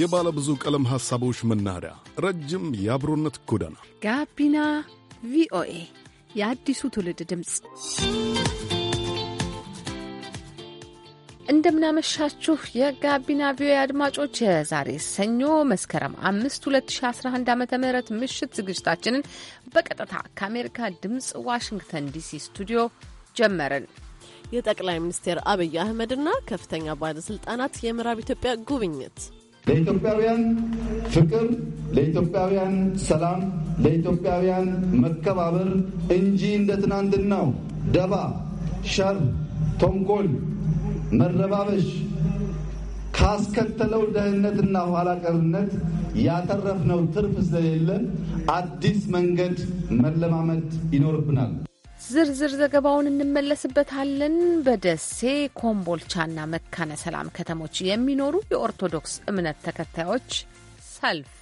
የባለ ብዙ ቀለም ሐሳቦች መናኸሪያ፣ ረጅም የአብሮነት ጎዳና ጋቢና ቪኦኤ የአዲሱ ትውልድ ድምፅ። እንደምናመሻችሁ የጋቢና ቪኦኤ አድማጮች፣ የዛሬ ሰኞ መስከረም አምስት 2011 ዓ ም ምሽት ዝግጅታችንን በቀጥታ ከአሜሪካ ድምፅ ዋሽንግተን ዲሲ ስቱዲዮ ጀመርን። የጠቅላይ ሚኒስትር አብይ አህመድና ከፍተኛ ባለስልጣናት የምዕራብ ኢትዮጵያ ጉብኝት ለኢትዮጵያውያን ፍቅር፣ ለኢትዮጵያውያን ሰላም፣ ለኢትዮጵያውያን መከባበር እንጂ እንደ ትናንትናው ደባ፣ ሸር፣ ተንኮል፣ መረባበሽ ካስከተለው ድህነትና ኋላቀርነት ያተረፍነው ትርፍ ስለሌለ አዲስ መንገድ መለማመድ ይኖርብናል። ዝርዝር ዘገባውን እንመለስበታለን። በደሴ ኮምቦልቻና መካነ ሰላም ከተሞች የሚኖሩ የኦርቶዶክስ እምነት ተከታዮች ሰልፍ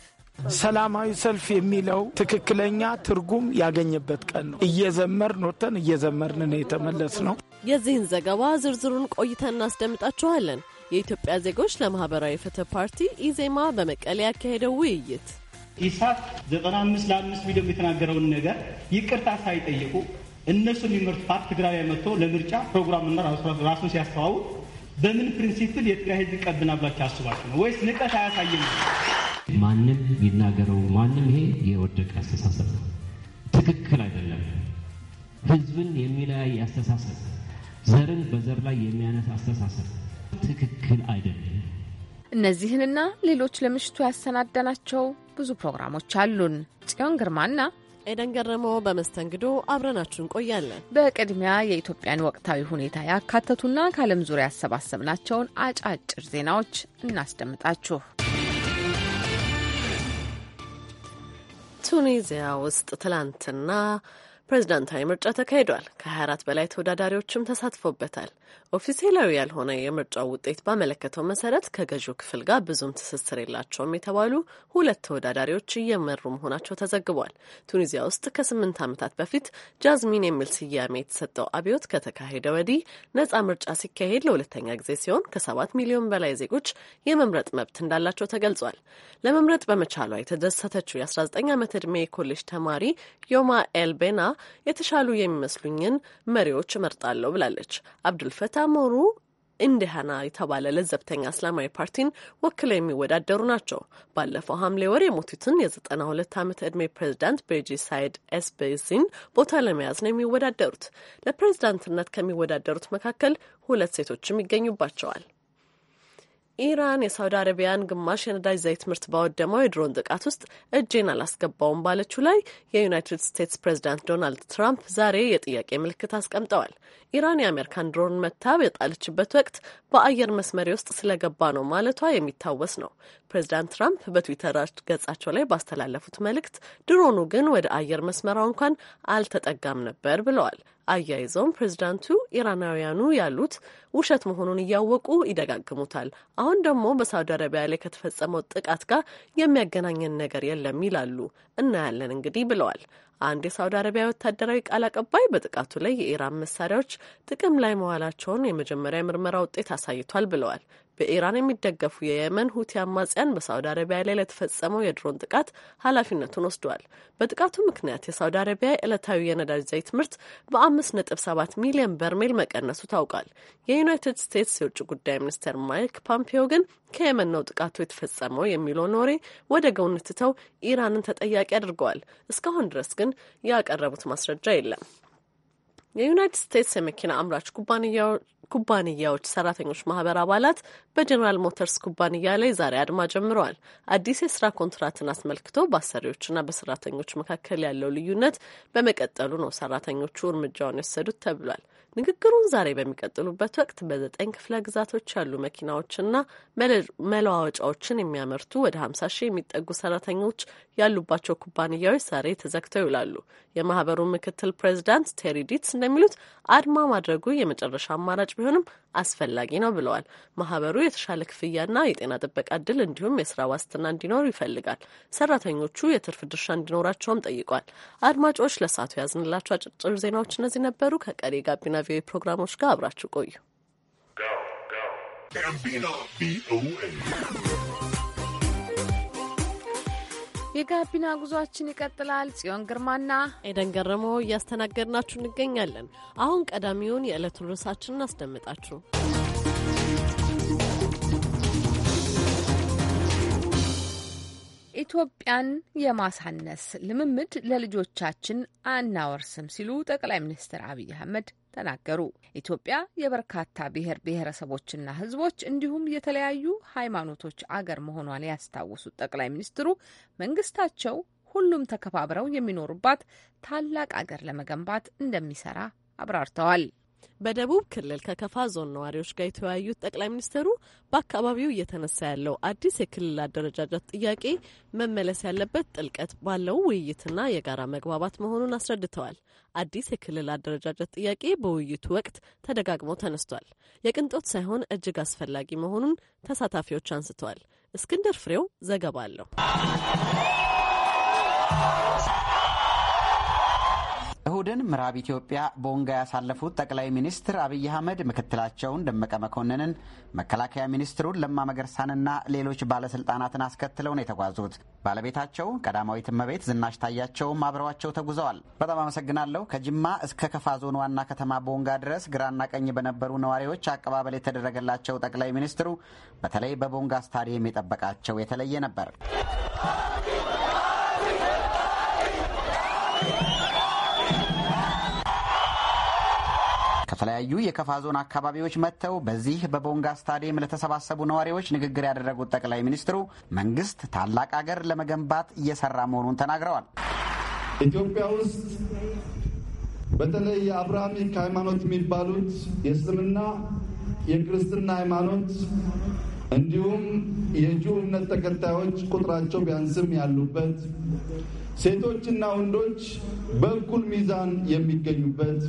ሰላማዊ ሰልፍ የሚለው ትክክለኛ ትርጉም ያገኘበት ቀን ነው። እየዘመርን ወጥተን እየዘመርን ነው የተመለስ ነው። የዚህን ዘገባ ዝርዝሩን ቆይተን እናስደምጣችኋለን። የኢትዮጵያ ዜጎች ለማህበራዊ ፍትህ ፓርቲ ኢዜማ በመቀሌ ያካሄደው ውይይት ኢሳት 95 ለአምስት ሚሊዮን የተናገረውን ነገር ይቅርታ ሳይጠየቁ እነሱ የሚመርጡ ፓርቲ ትግራዊ መጥቶ ለምርጫ ፕሮግራምና ራሱን ሲያስተዋውቅ በምን ፕሪንሲፕል የትግራይ ህዝብ ቀብና ብላችሁ አስባችሁ ነው ወይስ ንቀት አያሳይም? ማንም ይናገረው ማንም፣ ይሄ የወደቀ አስተሳሰብ ነው፣ ትክክል አይደለም። ህዝብን የሚለያይ አስተሳሰብ፣ ዘርን በዘር ላይ የሚያነስ አስተሳሰብ ትክክል አይደለም። እነዚህንና ሌሎች ለምሽቱ ያሰናዳናቸው ብዙ ፕሮግራሞች አሉን። ጽዮን ግርማና ኤደን ገረመው በመስተንግዶ አብረናችሁ እንቆያለን። በቅድሚያ የኢትዮጵያን ወቅታዊ ሁኔታ ያካተቱና ከዓለም ዙሪያ ያሰባሰብናቸውን አጫጭር ዜናዎች እናስደምጣችሁ። ቱኒዚያ ውስጥ ትላንትና ፕሬዝዳንታዊ ምርጫ ተካሂዷል። ከ24 በላይ ተወዳዳሪዎችም ተሳትፎበታል። ኦፊሴላዊ ያልሆነ የምርጫው ውጤት ባመለከተው መሰረት ከገዢው ክፍል ጋር ብዙም ትስስር የላቸውም የተባሉ ሁለት ተወዳዳሪዎች እየመሩ መሆናቸው ተዘግቧል። ቱኒዚያ ውስጥ ከስምንት ዓመታት በፊት ጃዝሚን የሚል ስያሜ የተሰጠው አብዮት ከተካሄደ ወዲህ ነጻ ምርጫ ሲካሄድ ለሁለተኛ ጊዜ ሲሆን ከሰባት ሚሊዮን በላይ ዜጎች የመምረጥ መብት እንዳላቸው ተገልጿል። ለመምረጥ በመቻሏ የተደሰተችው የ19 ዓመት ዕድሜ የኮሌጅ ተማሪ ዮማ ኤልቤና የተሻሉ የሚመስሉኝን መሪዎች እመርጣለሁ ብላለች። አብዱልፈታ ሞሩ እንዲህና የተባለ ለዘብተኛ እስላማዊ ፓርቲን ወክለው የሚወዳደሩ ናቸው። ባለፈው ሐምሌ ወር የሞቱትን የዘጠና ሁለት ዓመት ዕድሜ ፕሬዚዳንት ቤጂ ሳይድ ኤስቤዚን ቦታ ለመያዝ ነው የሚወዳደሩት። ለፕሬዚዳንትነት ከሚወዳደሩት መካከል ሁለት ሴቶችም ይገኙባቸዋል። ኢራን የሳውዲ አረቢያን ግማሽ የነዳጅ ዘይት ምርት ባወደመው የድሮን ጥቃት ውስጥ እጄን አላስገባውም ባለችው ላይ የዩናይትድ ስቴትስ ፕሬዚዳንት ዶናልድ ትራምፕ ዛሬ የጥያቄ ምልክት አስቀምጠዋል። ኢራን የአሜሪካን ድሮን መታ የጣለችበት ወቅት በአየር መስመሪ ውስጥ ስለገባ ነው ማለቷ የሚታወስ ነው። ፕሬዚዳንት ትራምፕ በትዊተር ገጻቸው ላይ ባስተላለፉት መልእክት ድሮኑ ግን ወደ አየር መስመራው እንኳን አልተጠጋም ነበር ብለዋል። አያይዘውም ፕሬዚዳንቱ ኢራናውያኑ ያሉት ውሸት መሆኑን እያወቁ ይደጋግሙታል። አሁን ደግሞ በሳውዲ አረቢያ ላይ ከተፈጸመው ጥቃት ጋር የሚያገናኘን ነገር የለም ይላሉ። እናያለን እንግዲህ ብለዋል። አንድ የሳውዲ አረቢያ ወታደራዊ ቃል አቀባይ በጥቃቱ ላይ የኢራን መሳሪያዎች ጥቅም ላይ መዋላቸውን የመጀመሪያ ምርመራ ውጤት አሳይቷል ብለዋል። በኢራን የሚደገፉ የየመን ሁቲ አማጽያን በሳውዲ አረቢያ ላይ ለተፈጸመው የድሮን ጥቃት ኃላፊነቱን ወስደዋል። በጥቃቱ ምክንያት የሳውዲ አረቢያ ዕለታዊ የነዳጅ ዘይት ምርት በአምስት ነጥብ ሰባት ሚሊዮን በርሜል መቀነሱ ታውቋል። የዩናይትድ ስቴትስ የውጭ ጉዳይ ሚኒስትር ማይክ ፖምፔዮ ግን ከየመን ነው ጥቃቱ የተፈጸመው የሚለው ኖሬ ወደ ጎን ትተው ኢራንን ተጠያቂ አድርገዋል። እስካሁን ድረስ ግን ያቀረቡት ማስረጃ የለም። የዩናይትድ ስቴትስ የመኪና አምራች ኩባንያዎች ኩባንያዎች ሰራተኞች ማህበር አባላት በጀኔራል ሞተርስ ኩባንያ ላይ ዛሬ አድማ ጀምረዋል። አዲስ የስራ ኮንትራትን አስመልክቶ በአሰሪዎችና በሰራተኞች መካከል ያለው ልዩነት በመቀጠሉ ነው ሰራተኞቹ እርምጃውን የወሰዱት ተብሏል። ንግግሩን ዛሬ በሚቀጥሉበት ወቅት በዘጠኝ ክፍለ ግዛቶች ያሉ መኪናዎችና መለዋወጫዎችን የሚያመርቱ ወደ ሀምሳ ሺህ የሚጠጉ ሰራተኞች ያሉባቸው ኩባንያዎች ዛሬ ተዘግተው ይውላሉ። የማህበሩ ምክትል ፕሬዚዳንት ቴሪ ዲትስ እንደሚሉት አድማ ማድረጉ የመጨረሻ አማራጭ ቢሆንም አስፈላጊ ነው ብለዋል። ማህበሩ የተሻለ ክፍያና የጤና ጥበቃ እድል እንዲሁም የስራ ዋስትና እንዲኖር ይፈልጋል። ሰራተኞቹ የትርፍ ድርሻ እንዲኖራቸውም ጠይቋል። አድማጮች ለሰዓቱ ያዝንላቸው አጭር ዜናዎች እነዚህ ነበሩ። ከቀሪ ጋቢና ቪኦኤ ፕሮግራሞች ጋር አብራችሁ ቆዩ። የጋቢና ጉዟችን ይቀጥላል። ጽዮን ግርማና ኤደን ገረሞ እያስተናገድናችሁ እንገኛለን። አሁን ቀዳሚውን የዕለቱን ርዕሳችንን አስደምጣችሁ ኢትዮጵያን የማሳነስ ልምምድ ለልጆቻችን አናወርስም ሲሉ ጠቅላይ ሚኒስትር አብይ አህመድ ተናገሩ። ኢትዮጵያ የበርካታ ብሔር ብሔረሰቦችና ሕዝቦች እንዲሁም የተለያዩ ሃይማኖቶች አገር መሆኗን ያስታወሱት ጠቅላይ ሚኒስትሩ መንግስታቸው ሁሉም ተከባብረው የሚኖሩባት ታላቅ አገር ለመገንባት እንደሚሰራ አብራርተዋል። በደቡብ ክልል ከከፋ ዞን ነዋሪዎች ጋር የተወያዩት ጠቅላይ ሚኒስትሩ በአካባቢው እየተነሳ ያለው አዲስ የክልል አደረጃጀት ጥያቄ መመለስ ያለበት ጥልቀት ባለው ውይይትና የጋራ መግባባት መሆኑን አስረድተዋል። አዲስ የክልል አደረጃጀት ጥያቄ በውይይቱ ወቅት ተደጋግሞ ተነስቷል። የቅንጦት ሳይሆን እጅግ አስፈላጊ መሆኑን ተሳታፊዎች አንስተዋል። እስክንድር ፍሬው ዘገባ አለው። እሁድን ምዕራብ ኢትዮጵያ ቦንጋ ያሳለፉት ጠቅላይ ሚኒስትር አብይ አህመድ ምክትላቸውን ደመቀ መኮንንን፣ መከላከያ ሚኒስትሩን ለማ መገርሳንና ሌሎች ባለስልጣናትን አስከትለው ነው የተጓዙት። ባለቤታቸው ቀዳማዊት እመቤት ዝናሽ ታያቸውም አብረዋቸው ተጉዘዋል። በጣም አመሰግናለሁ። ከጅማ እስከ ከፋ ዞን ዋና ከተማ ቦንጋ ድረስ ግራና ቀኝ በነበሩ ነዋሪዎች አቀባበል የተደረገላቸው ጠቅላይ ሚኒስትሩ በተለይ በቦንጋ ስታዲየም የጠበቃቸው የተለየ ነበር። ከተለያዩ የከፋ ዞን አካባቢዎች መጥተው በዚህ በቦንጋ ስታዲየም ለተሰባሰቡ ነዋሪዎች ንግግር ያደረጉት ጠቅላይ ሚኒስትሩ መንግስት ታላቅ አገር ለመገንባት እየሰራ መሆኑን ተናግረዋል። ኢትዮጵያ ውስጥ በተለይ የአብርሃሚክ ሃይማኖት የሚባሉት የእስልምና፣ የክርስትና ሃይማኖት እንዲሁም የጁ እምነት ተከታዮች ቁጥራቸው ቢያንስም ያሉበት ሴቶችና ወንዶች በእኩል ሚዛን የሚገኙበት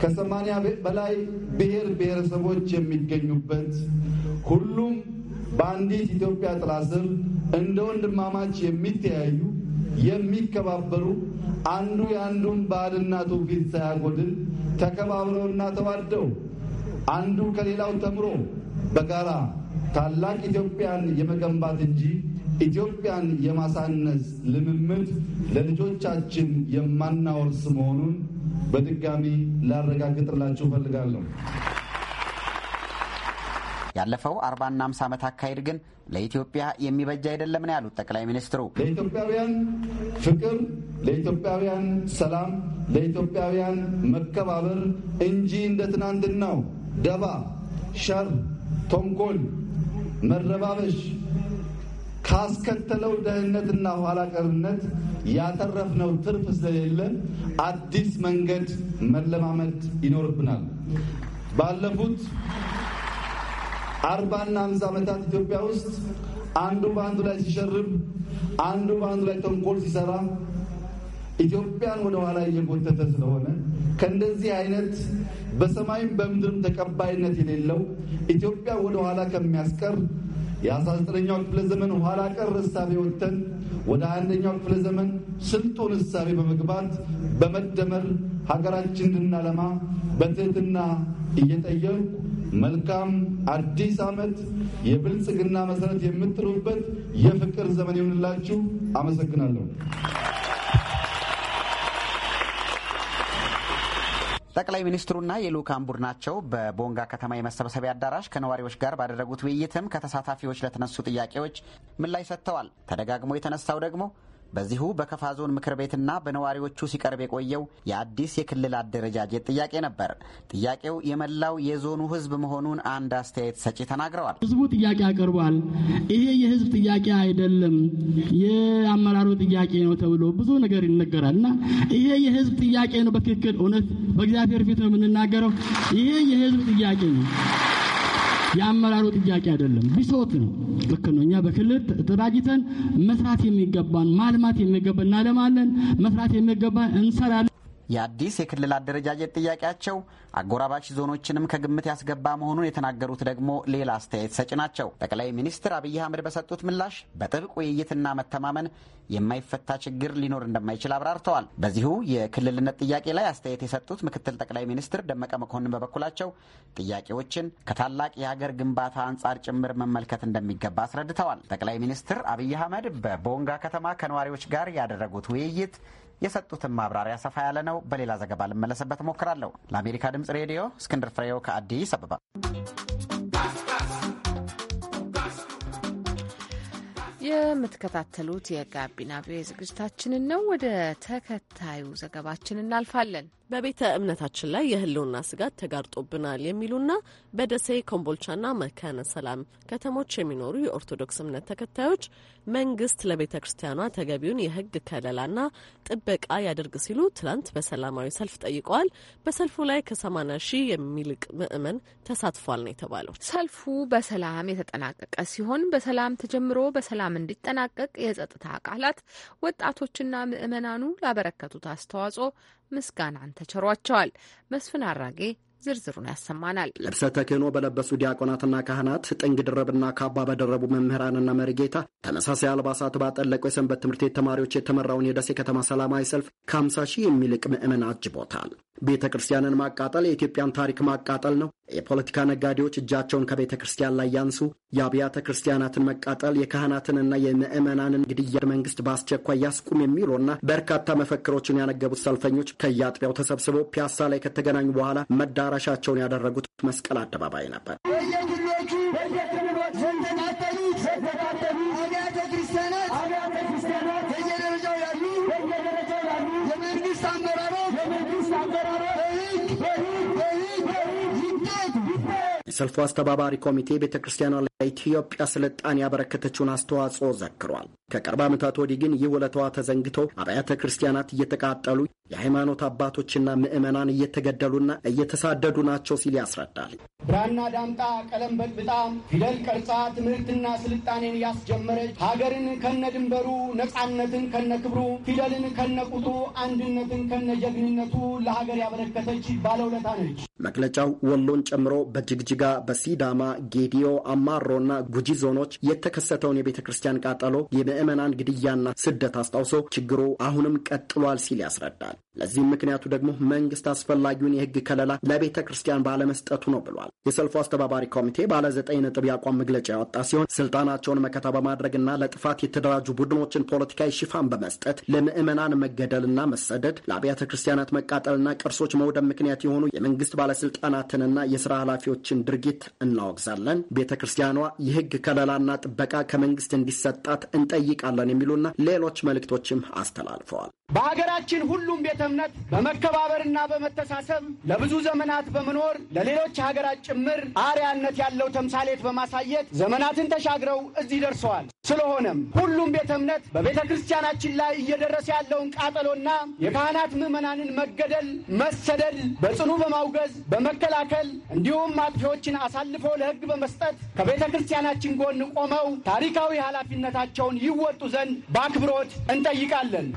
ከሰማንያ በላይ ብሔር ብሔረሰቦች የሚገኙበት ሁሉም በአንዲት ኢትዮጵያ ጥላ ስር እንደ ወንድማማች የሚተያዩ የሚከባበሩ አንዱ የአንዱን ባህልና ትውፊት ሳያጎድል ተከባብረውና ተዋደው አንዱ ከሌላው ተምሮ በጋራ ታላቅ ኢትዮጵያን የመገንባት እንጂ ኢትዮጵያን የማሳነስ ልምምድ ለልጆቻችን የማናወርስ መሆኑን በድጋሚ ላረጋግጥላችሁ እፈልጋለሁ። ያለፈው አርባና አምሳ ዓመት አካሄድ ግን ለኢትዮጵያ የሚበጅ አይደለም ነው ያሉት ጠቅላይ ሚኒስትሩ። ለኢትዮጵያውያን ፍቅር፣ ለኢትዮጵያውያን ሰላም፣ ለኢትዮጵያውያን መከባበር እንጂ እንደ ትናንትናው ደባ፣ ሸር፣ ተንኮል መረባበሽ ካስከተለው ድህነትና ኋላቀርነት ያተረፍነው ትርፍ ስለሌለን አዲስ መንገድ መለማመድ ይኖርብናል። ባለፉት አርባና አምሳ ዓመታት ኢትዮጵያ ውስጥ አንዱ በአንዱ ላይ ሲሸርብ፣ አንዱ በአንዱ ላይ ተንኮል ሲሰራ ኢትዮጵያን ወደ ኋላ እየጎተተ ስለሆነ ከእንደዚህ አይነት በሰማይም በምድርም ተቀባይነት የሌለው ኢትዮጵያ ወደ ኋላ ከሚያስቀር የ19ኛው ክፍለ ዘመን ኋላ ቀር እሳቤ ወጥተን ወደ አንደኛው ክፍለ ዘመን ስልጡን እሳቤ በመግባት በመደመር ሀገራችን እንድናለማ በትህትና እየጠየቁ መልካም አዲስ ዓመት የብልጽግና መሰረት የምጥሉበት የፍቅር ዘመን የሆንላችሁ አመሰግናለሁ። ጠቅላይ ሚኒስትሩና የልዑካን ቡድናቸው በቦንጋ ከተማ የመሰብሰቢያ አዳራሽ ከነዋሪዎች ጋር ባደረጉት ውይይትም ከተሳታፊዎች ለተነሱ ጥያቄዎች ምላሽ ሰጥተዋል። ተደጋግሞ የተነሳው ደግሞ በዚሁ በከፋ ዞን ምክር ቤትና በነዋሪዎቹ ሲቀርብ የቆየው የአዲስ የክልል አደረጃጀት ጥያቄ ነበር። ጥያቄው የመላው የዞኑ ሕዝብ መሆኑን አንድ አስተያየት ሰጪ ተናግረዋል። ሕዝቡ ጥያቄ አቅርቧል። ይሄ የሕዝብ ጥያቄ አይደለም የአመራሩ ጥያቄ ነው ተብሎ ብዙ ነገር ይነገራል እና ይሄ የሕዝብ ጥያቄ ነው በትክክል እውነት በእግዚአብሔር ፊት ነው የምንናገረው። ይሄ የህዝብ ጥያቄ ነው። የአመራሩ ጥያቄ አይደለም፣ ቢሶት ነው። ልክ ነው። እኛ በክልል ተደራጅተን መስራት የሚገባን ማልማት የሚገባን እናለማለን፣ መስራት የሚገባን እንሰራለን። የአዲስ የክልል አደረጃጀት ጥያቄያቸው አጎራባች ዞኖችንም ከግምት ያስገባ መሆኑን የተናገሩት ደግሞ ሌላ አስተያየት ሰጭ ናቸው። ጠቅላይ ሚኒስትር አብይ አህመድ በሰጡት ምላሽ በጥብቅ ውይይትና መተማመን የማይፈታ ችግር ሊኖር እንደማይችል አብራርተዋል። በዚሁ የክልልነት ጥያቄ ላይ አስተያየት የሰጡት ምክትል ጠቅላይ ሚኒስትር ደመቀ መኮንን በበኩላቸው ጥያቄዎችን ከታላቅ የሀገር ግንባታ አንጻር ጭምር መመልከት እንደሚገባ አስረድተዋል። ጠቅላይ ሚኒስትር አብይ አህመድ በቦንጋ ከተማ ከነዋሪዎች ጋር ያደረጉት ውይይት የሰጡትን ማብራሪያ ሰፋ ያለ ነው። በሌላ ዘገባ ልመለስበት እሞክራለሁ። ለአሜሪካ ድምፅ ሬዲዮ እስክንድር ፍሬው ከአዲስ አበባ። የምትከታተሉት የጋቢና ቪኦኤ ዝግጅታችንን ነው። ወደ ተከታዩ ዘገባችን እናልፋለን። በቤተ እምነታችን ላይ የህልውና ስጋት ተጋርጦብናል የሚሉና በደሴ ኮምቦልቻና መካነ ሰላም ከተሞች የሚኖሩ የኦርቶዶክስ እምነት ተከታዮች መንግስት ለቤተ ክርስቲያኗ ተገቢውን የህግ ከለላና ጥበቃ ያደርግ ሲሉ ትላንት በሰላማዊ ሰልፍ ጠይቀዋል። በሰልፉ ላይ ከሰማንያ ሺህ የሚልቅ ምዕመን ተሳትፏል ነው የተባለው። ሰልፉ በሰላም የተጠናቀቀ ሲሆን በሰላም ተጀምሮ በሰላም እንዲጠናቀቅ የጸጥታ አካላት ወጣቶችና ምዕመናኑ ላበረከቱት አስተዋጽኦ ምስጋናን ተቸሯቸዋል። መስፍን አራጌ ዝርዝሩን ያሰማናል። ልብሰ ተክህኖ በለበሱ ዲያቆናትና ካህናት ጥንግ ድረብና ካባ በደረቡ መምህራንና መሪጌታ ተመሳሳይ አልባሳት ባጠለቀው የሰንበት ትምህርት ቤት ተማሪዎች የተመራውን የደሴ ከተማ ሰላማዊ ሰልፍ ከ50 ሺህ የሚልቅ ምዕመን አጅቦታል። ቤተ ክርስቲያንን ማቃጠል የኢትዮጵያን ታሪክ ማቃጠል ነው። የፖለቲካ ነጋዴዎች እጃቸውን ከቤተ ክርስቲያን ላይ ያንሱ። የአብያተ ክርስቲያናትን መቃጠል፣ የካህናትንና የምዕመናንን ግድያ መንግስት በአስቸኳይ ያስቁም የሚሉና በርካታ መፈክሮችን ያነገቡት ሰልፈኞች ከየአጥቢያው ተሰብስበው ፒያሳ ላይ ከተገናኙ በኋላ መዳራ መዳረሻቸውን ያደረጉት መስቀል አደባባይ ነበር። በየግሎቹ በየክልሎቹ ዘንተካተሉ ዘንተካተሉ አብያተ ክርስቲያናት የሰልፉ አስተባባሪ ኮሚቴ ቤተ ክርስቲያኗ ለኢትዮጵያ ስልጣን ያበረከተችውን አስተዋጽኦ ዘክሯል። ከቅርብ ዓመታት ወዲህ ግን ይህ ውለታዋ ተዘንግቶ አብያተ ክርስቲያናት እየተቃጠሉ የሃይማኖት አባቶችና ምዕመናን እየተገደሉና እየተሳደዱ ናቸው ሲል ያስረዳል። ብራና ዳምጣ፣ ቀለም በጥብጣ፣ ፊደል ቀርጻ ትምህርትና ስልጣኔን ያስጀመረች ሀገርን ከነ ድንበሩ፣ ነፃነትን ከነ ክብሩ፣ ፊደልን ከነ ቁጡ፣ አንድነትን ከነ ጀግንነቱ ለሀገር ያበረከተች ባለውለታ ነች። መግለጫው ወሎን ጨምሮ በጅግጅ ጅጅጋ፣ በሲዳማ፣ ጌዲዮ፣ አማሮና ጉጂ ዞኖች የተከሰተውን የቤተ ክርስቲያን ቃጠሎ፣ የምዕመናን ግድያና ስደት አስታውሶ ችግሩ አሁንም ቀጥሏል ሲል ያስረዳል። ለዚህም ምክንያቱ ደግሞ መንግስት አስፈላጊውን የህግ ከለላ ለቤተ ክርስቲያን ባለመስጠቱ ነው ብሏል። የሰልፉ አስተባባሪ ኮሚቴ ባለ ዘጠኝ ነጥብ የአቋም መግለጫ ያወጣ ሲሆን ስልጣናቸውን መከታ በማድረግና ለጥፋት የተደራጁ ቡድኖችን ፖለቲካዊ ሽፋን በመስጠት ለምዕመናን መገደልና መሰደድ፣ ለአብያተ ክርስቲያናት መቃጠልና ቅርሶች መውደብ ምክንያት የሆኑ የመንግስት ባለስልጣናትንና የስራ ኃላፊዎችን ድርጊት እናወግዛለን። ቤተ ክርስቲያኗ የህግ ከለላና ጥበቃ ከመንግስት እንዲሰጣት እንጠይቃለን የሚሉና ሌሎች መልእክቶችም አስተላልፈዋል። በሀገራችን ሁሉም ቤተ እምነት በመከባበርና በመተሳሰብ ለብዙ ዘመናት በመኖር ለሌሎች ሀገራት ጭምር አርያነት ያለው ተምሳሌት በማሳየት ዘመናትን ተሻግረው እዚህ ደርሰዋል። ስለሆነም ሁሉም ቤተ እምነት በቤተ ክርስቲያናችን ላይ እየደረሰ ያለውን ቃጠሎና የካህናት ምዕመናንን መገደል፣ መሰደድ በጽኑ በማውገዝ በመከላከል እንዲሁም አጥፊዎችን አሳልፎ ለሕግ በመስጠት ከቤተ ክርስቲያናችን ጎን ቆመው ታሪካዊ ኃላፊነታቸውን ይወጡ ዘንድ በአክብሮት እንጠይቃለን።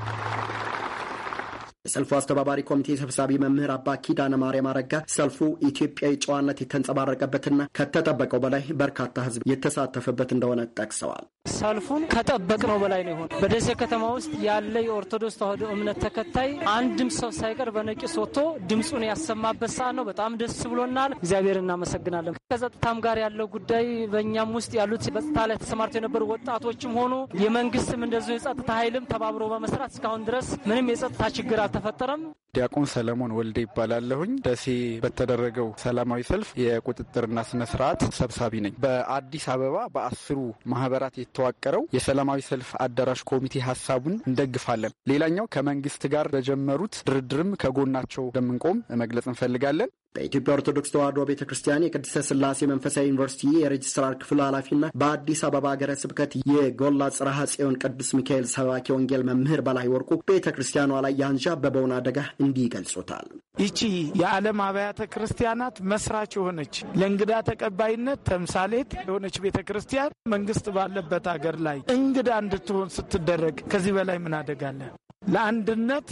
የሰልፉ አስተባባሪ ኮሚቴ ሰብሳቢ መምህር አባ ኪዳነ ማርያም አረጋ ሰልፉ ኢትዮጵያዊ ጨዋነት የተንጸባረቀበትና ከተጠበቀው በላይ በርካታ ህዝብ የተሳተፈበት እንደሆነ ጠቅሰዋል። ሰልፉን ከጠበቅነው በላይ ነው የሆነ በደሴ ከተማ ውስጥ ያለ የኦርቶዶክስ ተዋህዶ እምነት ተከታይ አንድም ሰው ሳይቀር በነቂስ ወጥቶ ድምፁን ያሰማበት ሰዓት ነው። በጣም ደስ ብሎናል። እግዚአብሔር እናመሰግናለን። ከጸጥታም ጋር ያለው ጉዳይ በእኛም ውስጥ ያሉት በጸጥታ ላይ ተሰማርተው የነበሩ ወጣቶችም ሆኑ የመንግስትም እንደዚሁ የጸጥታ ኃይልም ተባብሮ በመስራት እስካሁን ድረስ ምንም የጸጥታ ችግር አልተ تفترم ዲያቆን ሰለሞን ወልዴ ይባላለሁኝ። ደሴ በተደረገው ሰላማዊ ሰልፍ የቁጥጥርና ስነ ስርዓት ሰብሳቢ ነኝ። በአዲስ አበባ በአስሩ ማህበራት የተዋቀረው የሰላማዊ ሰልፍ አዳራሽ ኮሚቴ ሀሳቡን እንደግፋለን። ሌላኛው ከመንግስት ጋር በጀመሩት ድርድርም ከጎናቸው እንደምንቆም መግለጽ እንፈልጋለን። በኢትዮጵያ ኦርቶዶክስ ተዋሕዶ ቤተ ክርስቲያን የቅድስተ ስላሴ መንፈሳዊ ዩኒቨርሲቲ የሬጅስትራር ክፍል ኃላፊና በአዲስ አበባ ሀገረ ስብከት የጎላ ጽርሐ ጽዮን ቅዱስ ሚካኤል ሰባኪ ወንጌል መምህር በላይ ወርቁ ቤተ ክርስቲያኗ ላይ ያንዣበበውን አደጋ እንዲህ ይገልጹታል። ይቺ የዓለም አብያተ ክርስቲያናት መስራች የሆነች ለእንግዳ ተቀባይነት ተምሳሌት የሆነች ቤተ ክርስቲያን መንግስት ባለበት አገር ላይ እንግዳ እንድትሆን ስትደረግ ከዚህ በላይ ምን አደጋለ? ለአንድነት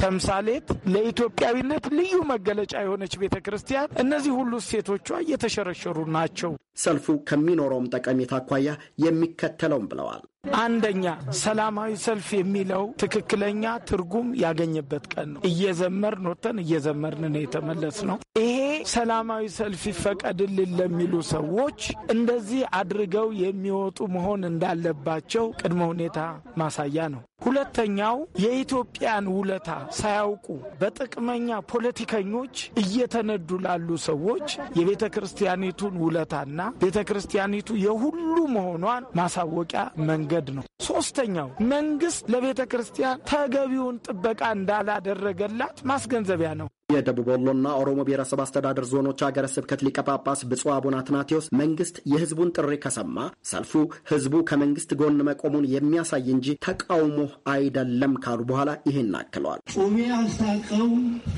ተምሳሌት ለኢትዮጵያዊነት ልዩ መገለጫ የሆነች ቤተ ክርስቲያን እነዚህ ሁሉ ሴቶቿ እየተሸረሸሩ ናቸው። ሰልፉ ከሚኖረውም ጠቀሜታ አኳያ የሚከተለውም ብለዋል። አንደኛ ሰላማዊ ሰልፍ የሚለው ትክክለኛ ትርጉም ያገኘበት ቀን ነው። እየዘመር ኖተን እየዘመርን ነው የተመለስ ነው። ይሄ ሰላማዊ ሰልፍ ይፈቀድልን ለሚሉ ሰዎች እንደዚህ አድርገው የሚወጡ መሆን እንዳለባቸው ቅድመ ሁኔታ ማሳያ ነው። ሁለተኛው የኢትዮጵያን ውለታ ሳያውቁ በጥቅመኛ ፖለቲከኞች እየተነዱ ላሉ ሰዎች የቤተ ክርስቲያኒቱን ውለታና ቤተ ክርስቲያኒቱ የሁሉ መሆኗን ማሳወቂያ መንገድ ነው። ሶስተኛው መንግስት ለቤተ ክርስቲያን ተገቢውን ጥበቃ እንዳላደረገላት ማስገንዘቢያ ነው። የደቡብ ወሎና ኦሮሞ ብሔረሰብ አስተዳደር ዞኖች ሀገረ ስብከት ሊቀ ጳጳስ ብፁዕ አቡነ አትናቴዎስ መንግስት የህዝቡን ጥሪ ከሰማ ሰልፉ ህዝቡ ከመንግስት ጎን መቆሙን የሚያሳይ እንጂ ተቃውሞ አይደለም ካሉ በኋላ ይህን አክለዋል። ጩቤ አስታቀው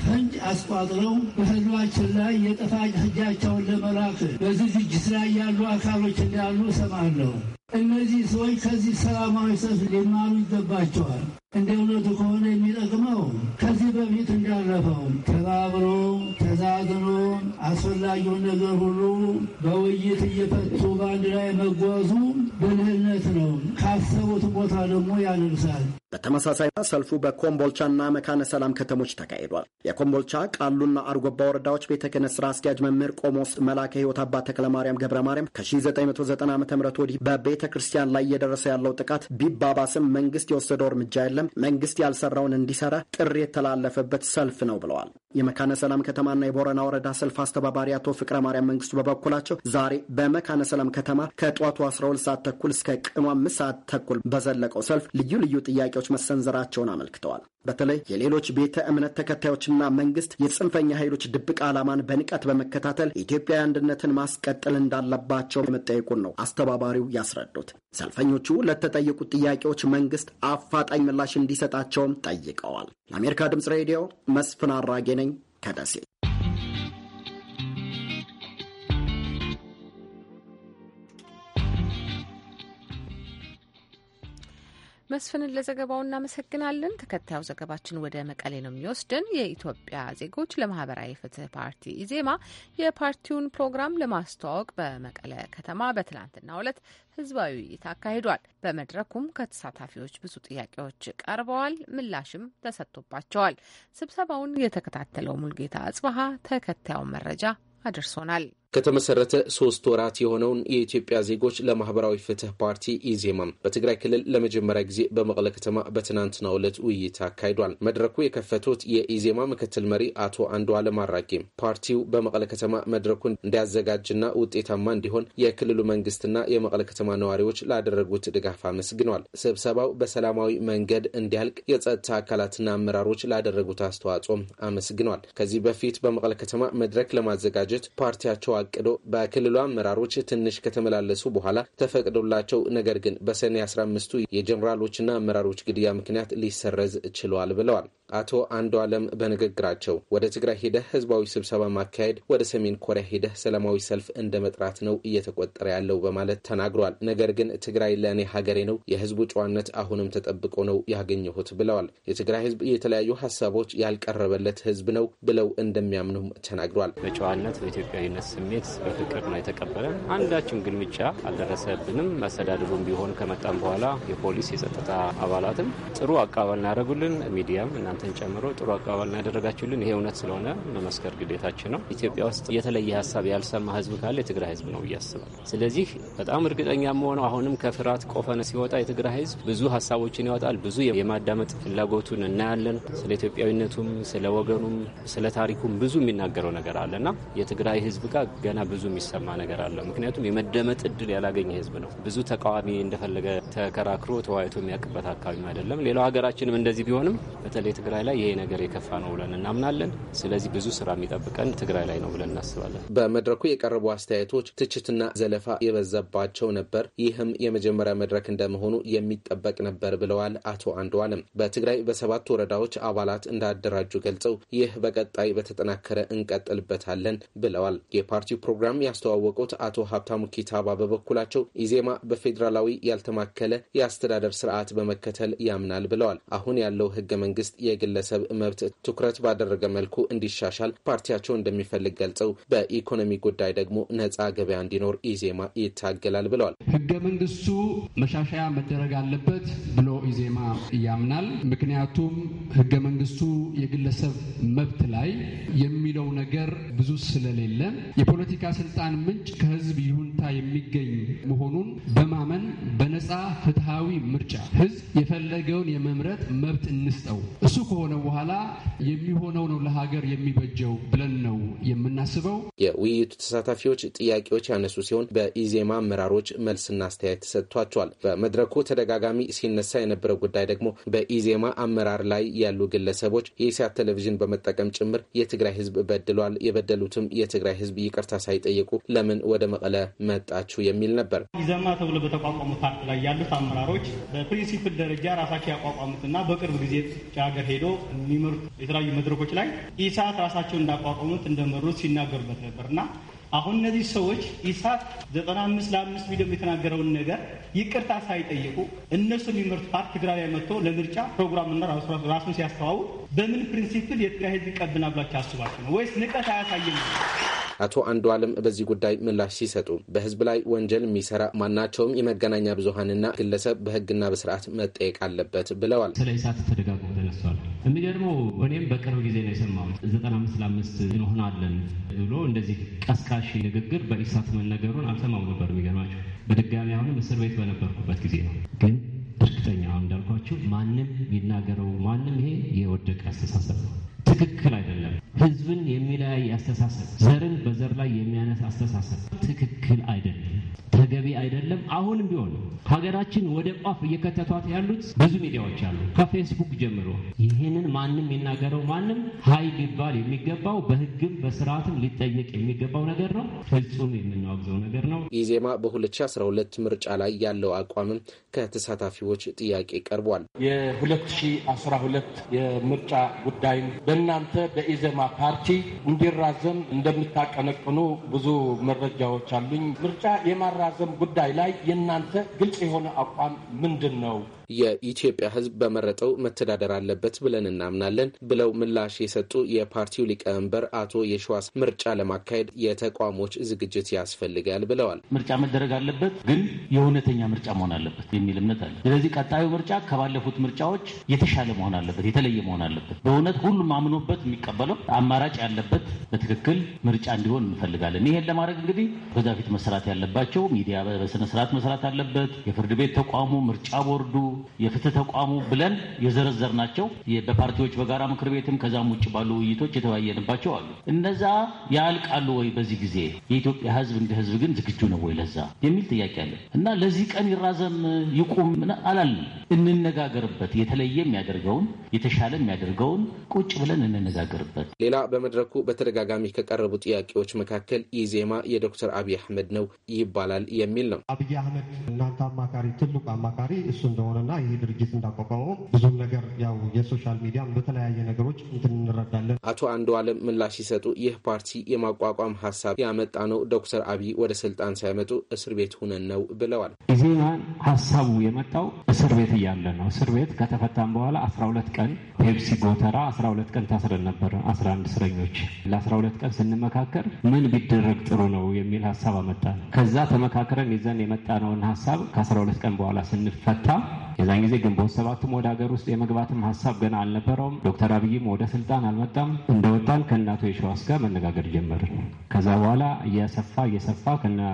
ፈንጅ አስቋጥረው በህዝባችን ላይ የጠፋጭ እጃቸውን ለመላክ በዚህ ላይ ያሉ አካሎች እንዳሉ እሰማለሁ። እነዚህ ሰዎች ከዚህ ሰላማዊ ሰልፍ ሊማሩ ይገባቸዋል። እንደ እውነቱ ከሆነ የሚጠቅመው ከዚህ በፊት እንዳለፈው ተባብሮ ተዛዝኖ አስፈላጊውን ነገር ሁሉ በውይይት እየፈቱ በአንድ ላይ መጓዙ ብልህነት ነው። ካሰቡት ቦታ ደግሞ ያደርሳል። በተመሳሳይ ሰልፉ በኮምቦልቻና መካነ ሰላም ከተሞች ተካሂዷል። የኮምቦልቻ ቃሉና አርጎባ ወረዳዎች ቤተ ክህነት ስራ አስኪያጅ መምህር ቆሞስ መላከ ሕይወት አባ ተክለ ማርያም ገብረ ማርያም ከ1990 ዓ ም ወዲህ በቤተ ክርስቲያን ላይ እየደረሰ ያለው ጥቃት ቢባባስም መንግስት የወሰደው እርምጃ የለም፣ መንግስት ያልሰራውን እንዲሰራ ጥሪ የተላለፈበት ሰልፍ ነው ብለዋል። የመካነ ሰላም ከተማና የቦረና ወረዳ ሰልፍ አስተባባሪ አቶ ፍቅረ ማርያም መንግስቱ በበኩላቸው ዛሬ በመካነ ሰላም ከተማ ከጠዋቱ 12 ሰዓት ተኩል እስከ ቀኑ 5 ሰዓት ተኩል በዘለቀው ሰልፍ ልዩ ልዩ ጥያቄዎች መሰንዘራቸውን አመልክተዋል። በተለይ የሌሎች ቤተ እምነት ተከታዮችና መንግስት የጽንፈኛ ኃይሎች ድብቅ ዓላማን በንቀት በመከታተል ኢትዮጵያ አንድነትን ማስቀጠል እንዳለባቸው የመጠየቁን ነው አስተባባሪው ያስረዱት። ሰልፈኞቹ ለተጠየቁት ጥያቄዎች መንግስት አፋጣኝ ምላሽ እንዲሰጣቸውም ጠይቀዋል። ለአሜሪካ ድምጽ ሬዲዮ መስፍን አራጌ ነኝ ከደሴ መስፍንን ለዘገባው እናመሰግናለን። ተከታዩ ዘገባችን ወደ መቀሌ ነው የሚወስደን። የኢትዮጵያ ዜጎች ለማህበራዊ ፍትህ ፓርቲ ኢዜማ የፓርቲውን ፕሮግራም ለማስተዋወቅ በመቀለ ከተማ በትናንትናው ዕለት ህዝባዊ ውይይት አካሂዷል። በመድረኩም ከተሳታፊዎች ብዙ ጥያቄዎች ቀርበዋል፣ ምላሽም ተሰጥቶባቸዋል። ስብሰባውን የተከታተለው ሙልጌታ አጽበሀ ተከታዩን መረጃ አድርሶናል። ከተመሰረተ ሶስት ወራት የሆነውን የኢትዮጵያ ዜጎች ለማህበራዊ ፍትህ ፓርቲ ኢዜማ በትግራይ ክልል ለመጀመሪያ ጊዜ በመቀለ ከተማ በትናንትናው ዕለት ውይይት አካሂዷል። መድረኩ የከፈቱት የኢዜማ ምክትል መሪ አቶ አንዱዓለም አራጌ ፓርቲው በመቀለ ከተማ መድረኩን እንዲያዘጋጅና ውጤታማ እንዲሆን የክልሉ መንግስትና የመቀለ ከተማ ነዋሪዎች ላደረጉት ድጋፍ አመስግነዋል። ስብሰባው በሰላማዊ መንገድ እንዲያልቅ የጸጥታ አካላትና አመራሮች ላደረጉት አስተዋጽኦም አመስግነዋል። ከዚህ በፊት በመቀለ ከተማ መድረክ ለማዘጋጀት ፓርቲያቸው አቅዶ በክልሉ አመራሮች ትንሽ ከተመላለሱ በኋላ ተፈቅዶላቸው ነገር ግን በሰኔ 5 ቱ የጀኔራሎችና አመራሮች ግድያ ምክንያት ሊሰረዝ ችሏል ብለዋል። አቶ አንዱ አለም በንግግራቸው ወደ ትግራይ ሂደህ ህዝባዊ ስብሰባ ማካሄድ ወደ ሰሜን ኮሪያ ሂደህ ሰላማዊ ሰልፍ እንደ መጥራት ነው እየተቆጠረ ያለው በማለት ተናግሯል። ነገር ግን ትግራይ ለእኔ ሀገሬ ነው፣ የህዝቡ ጨዋነት አሁንም ተጠብቆ ነው ያገኘሁት ብለዋል። የትግራይ ህዝብ የተለያዩ ሀሳቦች ያልቀረበለት ህዝብ ነው ብለው እንደሚያምኑም ተናግሯል። በጨዋነት በኢትዮጵያዊነት ስሜት በፍቅር ነው የተቀበለ። አንዳችን ግልምጫ አልደረሰብንም። መስተዳድሩም ቢሆን ከመጣም በኋላ የፖሊስ የጸጥታ አባላትም ጥሩ አቀባበል እናደረጉልን፣ ሚዲያም እናንተ እናንተን ጨምሮ ጥሩ አቀባበል ያደረጋችሁልን ይሄ እውነት ስለሆነ መመስከር ግዴታችን ነው። ኢትዮጵያ ውስጥ የተለየ ሀሳብ ያልሰማ ህዝብ ካለ የትግራይ ህዝብ ነው እያስባል። ስለዚህ በጣም እርግጠኛ መሆነው አሁንም ከፍርሃት ቆፈነ ሲወጣ የትግራይ ህዝብ ብዙ ሀሳቦችን ያወጣል። ብዙ የማዳመጥ ፍላጎቱን እናያለን። ስለ ኢትዮጵያዊነቱም፣ ስለ ወገኑም፣ ስለ ታሪኩም ብዙ የሚናገረው ነገር አለ የትግራይ ህዝብ ጋር ገና ብዙ የሚሰማ ነገር አለ። ምክንያቱም የመደመጥ እድል ያላገኘ ህዝብ ነው። ብዙ ተቃዋሚ እንደፈለገ ተከራክሮ ተወያይቶ የሚያውቅበት አካባቢም አይደለም። ሌላው ሀገራችንም እንደዚህ ቢሆንም በተለይ ትግራይ ላይ ይሄ ነገር የከፋ ነው ብለን እናምናለን። ስለዚህ ብዙ ስራ የሚጠብቀን ትግራይ ላይ ነው ብለን እናስባለን። በመድረኩ የቀረቡ አስተያየቶች ትችትና ዘለፋ የበዛባቸው ነበር። ይህም የመጀመሪያ መድረክ እንደመሆኑ የሚጠበቅ ነበር ብለዋል አቶ አንዱ አለም። በትግራይ በሰባት ወረዳዎች አባላት እንዳደራጁ ገልጸው ይህ በቀጣይ በተጠናከረ እንቀጥልበታለን ብለዋል። የፓርቲው ፕሮግራም ያስተዋወቁት አቶ ሀብታሙ ኪታባ በበኩላቸው ኢዜማ በፌዴራላዊ ያልተማከለ የአስተዳደር ስርዓት በመከተል ያምናል ብለዋል። አሁን ያለው ህገ መንግስት የ የግለሰብ መብት ትኩረት ባደረገ መልኩ እንዲሻሻል ፓርቲያቸው እንደሚፈልግ ገልጸው በኢኮኖሚ ጉዳይ ደግሞ ነጻ ገበያ እንዲኖር ኢዜማ ይታገላል ብለዋል። ህገ መንግስቱ መሻሻያ መደረግ አለበት ብሎ ኢዜማ ያምናል። ምክንያቱም ህገ መንግስቱ የግለሰብ መብት ላይ የሚለው ነገር ብዙ ስለሌለ የፖለቲካ ስልጣን ምንጭ ከህዝብ ይሁንታ የሚገኝ መሆኑን በማመን በነጻ ፍትሃዊ ምርጫ ህዝብ የፈለገውን የመምረጥ መብት እንስጠው። እሱ ከሆነ በኋላ የሚሆነው ነው ለሀገር የሚበጀው ብለን ነው የምናስበው። የውይይቱ ተሳታፊዎች ጥያቄዎች ያነሱ ሲሆን በኢዜማ አመራሮች መልስና አስተያየት ተሰጥቷቸዋል። በመድረኩ ተደጋጋሚ ሲነሳ የነበረው ጉዳይ ደግሞ በኢዜማ አመራር ላይ ያሉ ግለሰቦች የኢሳት ቴሌቪዥን በመጠቀም ጭምር የትግራይ ህዝብ በድሏል፣ የበደሉትም የትግራይ ህዝብ ይቅርታ ሳይጠየቁ ለምን ወደ መቀለ መጣችሁ የሚል ነበር። ኢዜማ ተብሎ በተቋቋሙ ፓርቲ ላይ ያሉት አመራሮች በፕሪንሲፕል ደረጃ ራሳቸው ያቋቋሙትና በቅርብ ጊዜ ሀገር ሄዶ የሚመሩት የተለያዩ መድረኮች ላይ ኢሳት ራሳቸውን እንዳቋቋሙት እንደመሩት ሲናገሩበት ነበር እና አሁን እነዚህ ሰዎች ኢሳት ዘጠና አምስት ለአምስት ሚሊዮን የተናገረውን ነገር ይቅርታ ሳይጠየቁ እነሱ የሚመርት ፓርቲ ትግራይ ላይ መጥቶ ለምርጫ ፕሮግራምና ራሱን ሲያስተዋውቅ በምን ፕሪንሲፕል የትግራይ ህዝብ ይቀብና ብላችሁ አስባቸው ነው ወይስ ንቀት አያሳይም? አቶ አንዱ አለም በዚህ ጉዳይ ምላሽ ሲሰጡ በህዝብ ላይ ወንጀል የሚሰራ ማናቸውም የመገናኛ ብዙሀንና ግለሰብ በህግና በስርዓት መጠየቅ አለበት ብለዋል። ስለ ኢሳት ተደጋግሞ ተነስቷል። የሚገርመው እኔም በቅርብ ጊዜ ነው የሰማሁት። ዘጠና አምስት ለአምስት እንሆናለን ብሎ እንደዚህ ቀስቃሽ ንግግር በኢሳት መነገሩን አልሰማው ነበር። የሚገርማቸው በድጋሚ አሁንም እስር ቤት በነበርኩበት ጊዜ ነው ግን እርግጠኛ እንዳልኳቸው ማንም ይናገረው ማንም ይሄ የወደቀ አስተሳሰብ ነው። ትክክል አይደለም። ህዝብን የሚለያይ አስተሳሰብ፣ ዘርን በዘር ላይ የሚያነስ አስተሳሰብ ትክክል አይደለም፣ ተገቢ አይደለም። አሁንም ቢሆን ሀገራችን ወደ ቋፍ እየከተቷት ያሉት ብዙ ሚዲያዎች አሉ፣ ከፌስቡክ ጀምሮ። ይህንን ማንም የናገረው ማንም ሀይ ሊባል የሚገባው በህግም በስርዓትም ሊጠየቅ የሚገባው ነገር ነው። ፍጹም የምናወግዘው ነገር ነው። ኢዜማ በ2012 ምርጫ ላይ ያለው አቋምም ከተሳታፊዎች ጥያቄ ቀርቧል። የ2012 የምርጫ ጉዳይን እናንተ በኢዜማ ፓርቲ እንዲራዘም እንደምታቀነቅኑ ብዙ መረጃዎች አሉኝ። ምርጫ የማራዘም ጉዳይ ላይ የእናንተ ግልጽ የሆነ አቋም ምንድን ነው? የኢትዮጵያ ህዝብ በመረጠው መተዳደር አለበት ብለን እናምናለን ብለው ምላሽ የሰጡ የፓርቲው ሊቀመንበር አቶ የሸዋስ ምርጫ ለማካሄድ የተቋሞች ዝግጅት ያስፈልጋል ብለዋል። ምርጫ መደረግ አለበት፣ ግን የእውነተኛ ምርጫ መሆን አለበት የሚል እምነት አለ። ስለዚህ ቀጣዩ ምርጫ ከባለፉት ምርጫዎች የተሻለ መሆን አለበት፣ የተለየ መሆን አለበት። በእውነት ሁሉም አምኖበት የሚቀበለው አማራጭ ያለበት በትክክል ምርጫ እንዲሆን እንፈልጋለን። ይሄን ለማድረግ እንግዲህ ከዛ መሰራት ያለባቸው ሚዲያ በስነስርዓት መስራት አለበት። የፍርድ ቤት ተቋሙ፣ ምርጫ ቦርዱ፣ የፍትህ ተቋሙ ብለን የዘረዘር ናቸው በፓርቲዎች በጋራ ምክር ቤትም ከዛም ውጭ ባሉ ውይይቶች የተወያየንባቸው አሉ። እነዛ ያልቃሉ ወይ በዚህ ጊዜ የኢትዮጵያ ህዝብ እንደ ህዝብ ግን ዝግጁ ነው ወይ ለዛ የሚል ጥያቄ አለ እና ለዚህ ቀን ይራዘም ይቁም አላልንም። እንነጋገርበት። የተለየ የሚያደርገውን የተሻለ የሚያደርገውን ቁጭ ብለን እንነጋገርበት። ሌላ በመድረኩ በተደጋጋሚ ከቀረቡ ጥያቄዎች መካከል ኢዜማ የዶክተር አብይ አህመድ ነው ይባላል የሚል ነው። አብይ አህመድ እናንተ አማካሪ ትልቁ አማካሪ እሱ እንደሆነ እና ይህ ድርጅት እንዳቋቋመው ብዙ ነገር ያው የሶሻል ሚዲያ በተለያየ ነገሮች እንትን እንረዳለን። አቶ አንዱ አለም ምላሽ ሲሰጡ ይህ ፓርቲ የማቋቋም ሀሳብ ያመጣ ነው ዶክተር አብይ ወደ ስልጣን ሳይመጡ እስር ቤት ሁነን ነው ብለዋል። ኢዜማ ሀሳቡ የመጣው እስር ቤት እያለ ነው። እስር ቤት ከተፈታም በኋላ አስራ ሁለት ቀን ፔፕሲ ጎተራ አስራ ሁለት ቀን ታስረን ነበር። አስራ አንድ እስረኞች ለአስራ ሁለት ቀን ስንመካከር ምን ቢደረግ ጥሩ ነው የሚል ሀሳብ አመጣ። ከዛ ተመካክረን ይዘን የመጣነውን ሀሳብ ከአስራ ሁለት ቀን በኋላ ስንፈታ የዛን ጊዜ ግንቦት ሰባቱም ወደ ሀገር ውስጥ የመግባትም ሀሳብ ገና አልነበረውም። ዶክተር አብይም ወደ ስልጣን አልመጣም። እንደወጣን አቶ የሸዋስ ጋር መነጋገር ጀመርን። ከዛ በኋላ እየሰፋ እየሰፋ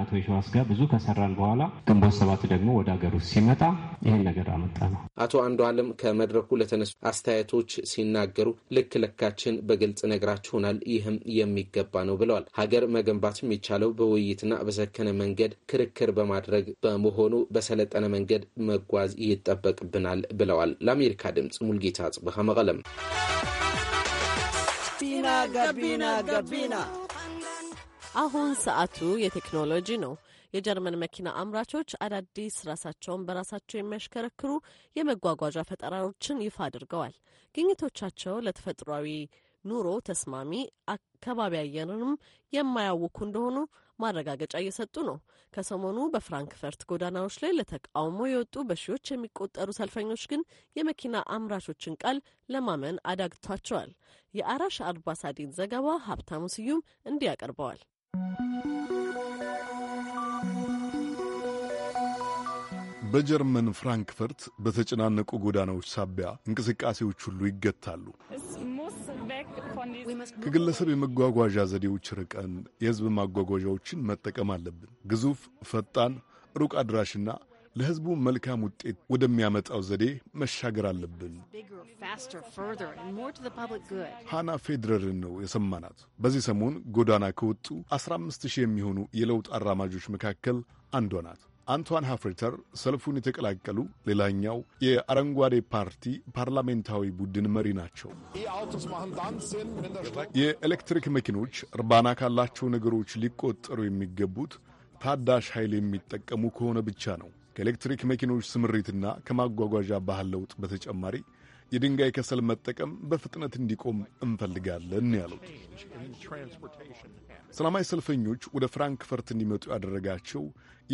አቶ የሸዋስ ጋር ብዙ ከሰራን በኋላ ግንቦት ሰባት ደግሞ ወደ ሀገር ውስጥ ሲመጣ ይህን ነገር አመጣ ነው። አቶ አንዱ አለም ከመድረኩ ለተነሱ አስተያየቶች ሲናገሩ ልክ ለካችን በግልጽ ነግራችሁናል፣ ይህም የሚገባ ነው ብለዋል። ሀገር መገንባት የሚቻለው በውይይትና በሰከነ መንገድ ክርክር በማድረግ በመሆኑ በሰለጠነ መንገድ መጓዝ ይጠ ይጠበቅብናል ብለዋል። ለአሜሪካ ድምፅ ሙልጌታ ጽብሃ መቀለም አሁን ሰዓቱ የቴክኖሎጂ ነው። የጀርመን መኪና አምራቾች አዳዲስ ራሳቸውን በራሳቸው የሚያሽከረክሩ የመጓጓዣ ፈጠራዎችን ይፋ አድርገዋል። ግኝቶቻቸው ለተፈጥሯዊ ኑሮ ተስማሚ፣ አካባቢ አየርንም የማያውኩ እንደሆኑ ማረጋገጫ እየሰጡ ነው። ከሰሞኑ በፍራንክፈርት ጎዳናዎች ላይ ለተቃውሞ የወጡ በሺዎች የሚቆጠሩ ሰልፈኞች ግን የመኪና አምራቾችን ቃል ለማመን አዳግቷቸዋል። የአራሽ አርባሳዲን ዘገባ ሀብታሙ ስዩም እንዲህ ያቀርበዋል። በጀርመን ፍራንክፈርት በተጨናነቁ ጎዳናዎች ሳቢያ እንቅስቃሴዎች ሁሉ ይገታሉ። ከግለሰብ የመጓጓዣ ዘዴዎች ርቀን የሕዝብ ማጓጓዣዎችን መጠቀም አለብን። ግዙፍ፣ ፈጣን፣ ሩቅ አድራሽና ለሕዝቡ መልካም ውጤት ወደሚያመጣው ዘዴ መሻገር አለብን። ሃና ፌድረርን ነው የሰማናት። በዚህ ሰሞን ጎዳና ከወጡ 15 ሺህ የሚሆኑ የለውጥ አራማጆች መካከል አንዷ ናት። አንቷን ሀፍሬተር ሰልፉን የተቀላቀሉ ሌላኛው የአረንጓዴ ፓርቲ ፓርላሜንታዊ ቡድን መሪ ናቸው። የኤሌክትሪክ መኪኖች እርባና ካላቸው ነገሮች ሊቆጠሩ የሚገቡት ታዳሽ ኃይል የሚጠቀሙ ከሆነ ብቻ ነው። ከኤሌክትሪክ መኪኖች ስምሪትና ከማጓጓዣ ባህል ለውጥ በተጨማሪ የድንጋይ ከሰል መጠቀም በፍጥነት እንዲቆም እንፈልጋለን ያሉት ሰላማዊ ሰልፈኞች ወደ ፍራንክፈርት እንዲመጡ ያደረጋቸው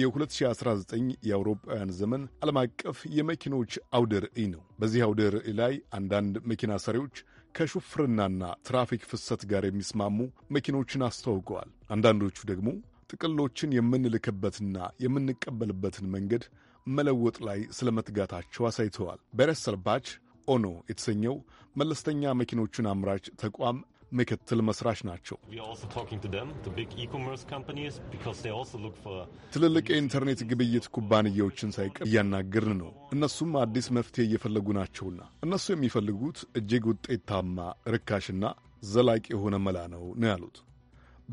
የ2019 የአውሮፓውያን ዘመን ዓለም አቀፍ የመኪኖች አውደ ርዕይ ነው። በዚህ አውደ ርዕይ ላይ አንዳንድ መኪና ሰሪዎች ከሹፍርናና ትራፊክ ፍሰት ጋር የሚስማሙ መኪኖችን አስተዋውቀዋል። አንዳንዶቹ ደግሞ ጥቅሎችን የምንልክበትና የምንቀበልበትን መንገድ መለወጥ ላይ ስለመትጋታቸው አሳይተዋል። በረሰልባች ኦኖ የተሰኘው መለስተኛ መኪኖቹን አምራች ተቋም ምክትል መስራች ናቸው። ትልልቅ የኢንተርኔት ግብይት ኩባንያዎችን ሳይቀር እያናገርን ነው። እነሱም አዲስ መፍትሄ እየፈለጉ ናቸውና እነሱ የሚፈልጉት እጅግ ውጤታማ ርካሽና ዘላቂ የሆነ መላ ነው ነው ያሉት።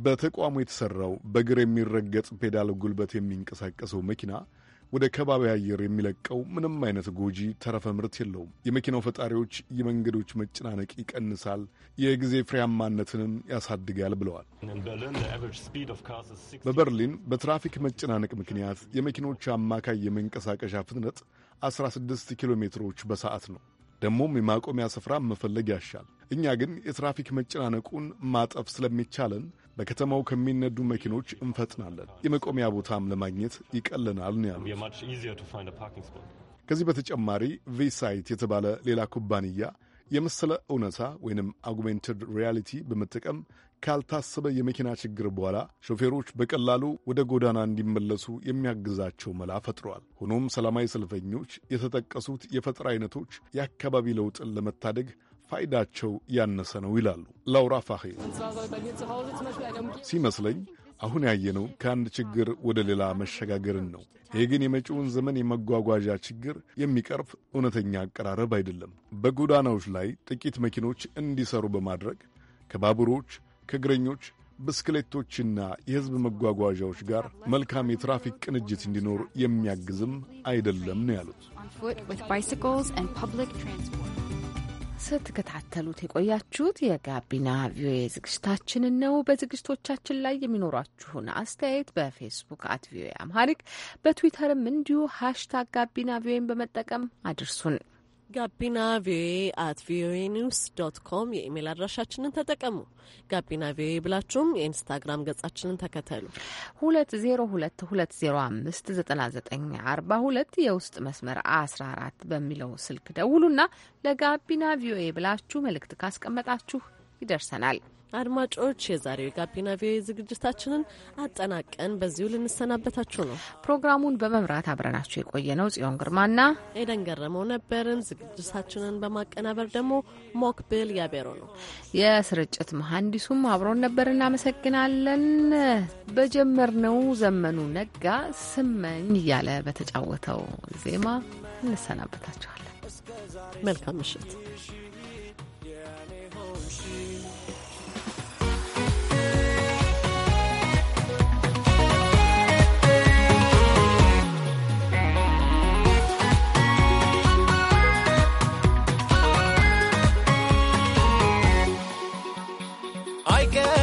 በተቋሙ የተሠራው በእግር የሚረገጥ ፔዳል ጉልበት የሚንቀሳቀሰው መኪና ወደ ከባቢ አየር የሚለቀው ምንም አይነት ጎጂ ተረፈ ምርት የለውም። የመኪናው ፈጣሪዎች የመንገዶች መጨናነቅ ይቀንሳል፣ የጊዜ ፍሬያማነትንም ያሳድጋል ብለዋል። በበርሊን በትራፊክ መጨናነቅ ምክንያት የመኪኖች አማካይ የመንቀሳቀሻ ፍጥነት 16 ኪሎ ሜትሮች በሰዓት ነው። ደግሞም የማቆሚያ ስፍራ መፈለግ ያሻል። እኛ ግን የትራፊክ መጨናነቁን ማጠፍ ስለሚቻለን በከተማው ከሚነዱ መኪኖች እንፈጥናለን። የመቆሚያ ቦታም ለማግኘት ይቀለናል ነው ያሉት። ከዚህ በተጨማሪ ቪሳይት የተባለ ሌላ ኩባንያ የመሰለ እውነታ ወይንም አጉሜንትድ ሪያሊቲ በመጠቀም ካልታሰበ የመኪና ችግር በኋላ ሾፌሮች በቀላሉ ወደ ጎዳና እንዲመለሱ የሚያግዛቸው መላ ፈጥሯል። ሆኖም ሰላማዊ ሰልፈኞች የተጠቀሱት የፈጠራ አይነቶች የአካባቢ ለውጥን ለመታደግ ፋይዳቸው ያነሰ ነው ይላሉ ላውራ ፋኼ። ሲመስለኝ አሁን ያየነው ከአንድ ችግር ወደ ሌላ መሸጋገርን ነው። ይህ ግን የመጪውን ዘመን የመጓጓዣ ችግር የሚቀርፍ እውነተኛ አቀራረብ አይደለም። በጎዳናዎች ላይ ጥቂት መኪኖች እንዲሰሩ በማድረግ ከባቡሮች፣ ከእግረኞች፣ ብስክሌቶችና የሕዝብ መጓጓዣዎች ጋር መልካም የትራፊክ ቅንጅት እንዲኖር የሚያግዝም አይደለም ነው ያሉት። ስትከታተሉት የቆያችሁት የጋቢና ቪኦኤ ዝግጅታችንን ነው። በዝግጅቶቻችን ላይ የሚኖራችሁን አስተያየት በፌስቡክ አት ቪኦኤ አምሃሪክ፣ በትዊተርም እንዲሁ ሀሽታግ ጋቢና ቪኦኤን በመጠቀም አድርሱን። ጋቢና ቪኦኤ አት ቪኦኤ ኒውስ ዶት ኮም የኢሜል አድራሻችንን ተጠቀሙ። ጋቢና ቪኦኤ ብላችሁም የኢንስታግራም ገጻችንን ተከተሉ። ሁለት ዜሮ ሁለት ሁለት ዜሮ አምስት ዘጠና ዘጠኝ አርባ ሁለት የውስጥ መስመር አስራ አራት በሚለው ስልክ ደውሉና ለጋቢና ቪኦኤ ብላችሁ መልእክት ካስቀመጣችሁ ይደርሰናል። አድማጮች የዛሬው የጋቢና ቪኦኤ ዝግጅታችንን አጠናቀን በዚሁ ልንሰናበታችሁ ነው። ፕሮግራሙን በመምራት አብረናችሁ የቆየ ነው ጽዮን ግርማና ኤደን ገረመው ነበርን። ዝግጅታችንን በማቀናበር ደግሞ ሞክብል ያቤሮ ነው። የስርጭት መሐንዲሱም አብሮን ነበር። እናመሰግናለን። በጀመርነው ዘመኑ ነጋ ስመኝ እያለ በተጫወተው ዜማ እንሰናበታችኋለን። መልካም ምሽት። like it.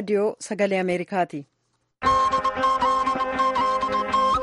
radio sagalee Ameerikaati.